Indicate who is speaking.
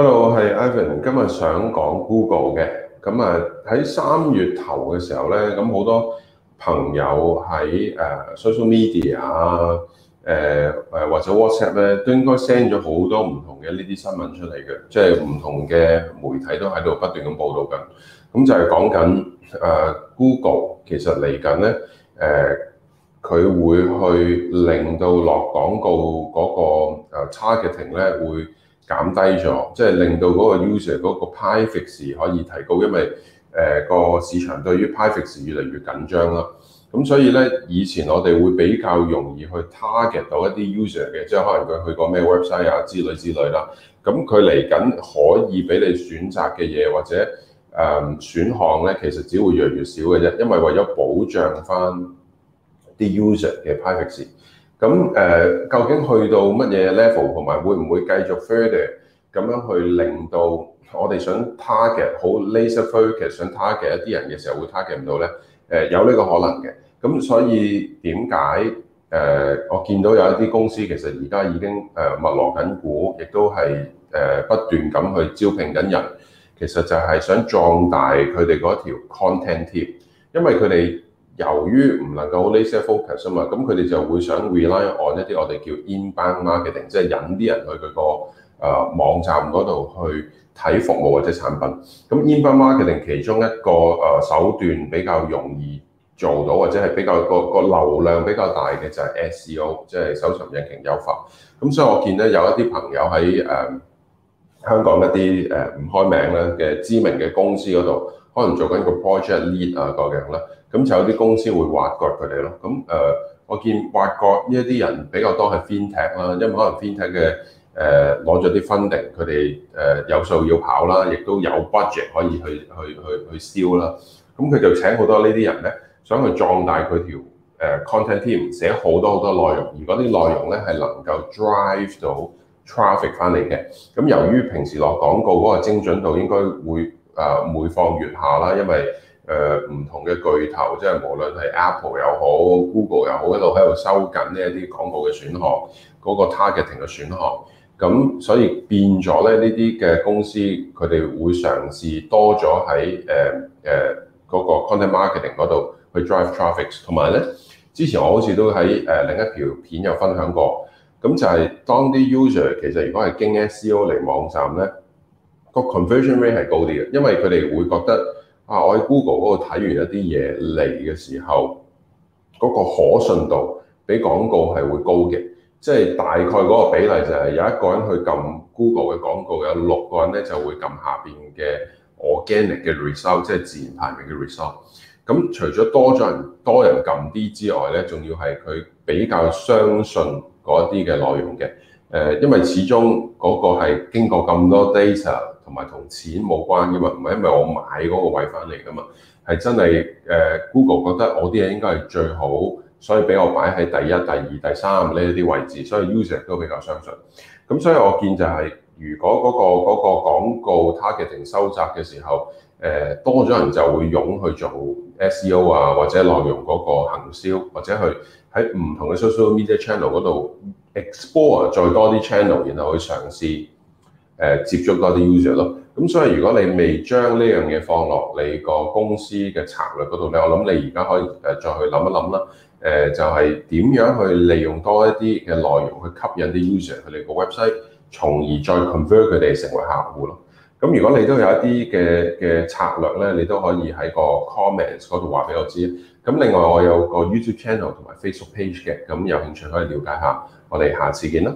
Speaker 1: Hello，我係 Evan，今日想講 Google 嘅。咁啊，喺三月頭嘅時候咧，咁好多朋友喺誒 social media 啊，誒、呃、誒或者 WhatsApp 咧，都應該 send 咗好多唔同嘅呢啲新聞出嚟嘅，即係唔同嘅媒體都喺度不斷咁報道緊。咁就係講緊誒 Google 其實嚟緊咧，誒、呃、佢會去令到落廣告嗰個誒 targeting 咧會，減低咗，即係令到嗰個 user 嗰個 privacy 可以提高，因為誒個市場對於 privacy 越嚟越緊張啦。咁所以咧，以前我哋會比較容易去 target 到一啲 user 嘅，即係可能佢去過咩 website 啊之類之類啦。咁佢嚟緊可以俾你選擇嘅嘢或者誒、嗯、選項咧，其實只會越嚟越少嘅啫，因為為咗保障翻啲 user 嘅 privacy。咁誒，究竟去到乜嘢 level，同埋會唔會繼續 further 咁樣去令到我哋想 target 好 laser focus 想 target 一啲人嘅時候會 target 唔到呢？誒，有呢個可能嘅。咁所以點解誒，我見到有一啲公司其實而家已經誒脈絡緊股，亦都係誒不斷咁去招聘緊人，其實就係想壯大佢哋嗰條 content team 因為佢哋。由於唔能夠 laser focus 啊嘛，咁佢哋就會想 rely on 一啲我哋叫 inbound marketing，即係引啲人去佢個誒網站嗰度去睇服務或者產品。咁 inbound marketing 其中一個誒手段比較容易做到，或者係比較個個流量比較大嘅就係 SEO，即係搜尋引擎優化。咁所以我見到有一啲朋友喺誒香港一啲誒唔開名咧嘅知名嘅公司嗰度。可能做緊個 project lead 啊，嗰樣啦，咁就有啲公司會挖角佢哋咯。咁誒、呃，我見挖角呢一啲人比較多係 fintech 啦，因為可能 fintech 嘅誒攞、呃、咗啲 funding，佢哋誒有數要跑啦，亦都有 budget 可以去去去去燒啦。咁佢就請好多呢啲人咧，想去壯大佢條誒 content team，寫好多好多，多內容。如果啲內容咧係能夠 drive 到 traffic 翻嚟嘅，咁由於平時落廣告嗰個精準度應該會，誒每況愈下啦，因為誒唔同嘅巨頭，即係無論係 Apple 又好、Google 又好，一路喺度收緊呢一啲廣告嘅選項，嗰個 targeting 嘅選項。咁所以變咗咧，呢啲嘅公司佢哋會嘗試多咗喺誒誒嗰個 content marketing 嗰度去 drive traffic。同埋咧，之前我好似都喺誒另一條片有分享過，咁就係當啲 user 其實如果係經 SEO 嚟網站咧。個 conversion rate 係高啲嘅，因為佢哋會覺得啊，我喺 Google 嗰度睇完一啲嘢嚟嘅時候，嗰個可信度比廣告係會高嘅。即係大概嗰個比例就係有一個人去撳 Google 嘅廣告，有六個人咧就會撳下邊嘅 organic 嘅 result，即係自然排名嘅 result。咁除咗多咗人多人撳啲之外咧，仲要係佢比較相信嗰啲嘅內容嘅。誒，因為始終嗰個係經過咁多 data。同埋同錢冇關嘅嘛，唔係因為我買嗰個位翻嚟嘅嘛，係真係誒 Google 覺得我啲嘢應該係最好，所以俾我擺喺第一、第二、第三呢啲位置，所以 user 都比較相信。咁所以我見就係、是，如果嗰、嗰個嗰、嗰個、廣告 targeting 收窄嘅時候，誒多咗人就會湧去做 SEO 啊，或者內容嗰個行銷，或者去喺唔同嘅 social media channel 嗰度 explore 再多啲 channel，然後去嘗試。誒接觸多啲 user 咯，咁所以如果你未將呢樣嘢放落你個公司嘅策略嗰度咧，我諗你而家可以誒再去諗一諗啦。誒就係點樣去利用多一啲嘅內容去吸引啲 user 佢哋個 website，從而再 convert 佢哋成為客戶咯。咁如果你都有一啲嘅嘅策略咧，你都可以喺個 comments 嗰度話俾我知。咁另外我有個 YouTube channel 同埋 Facebook page 嘅，咁有興趣可以了解下。我哋下次見啦。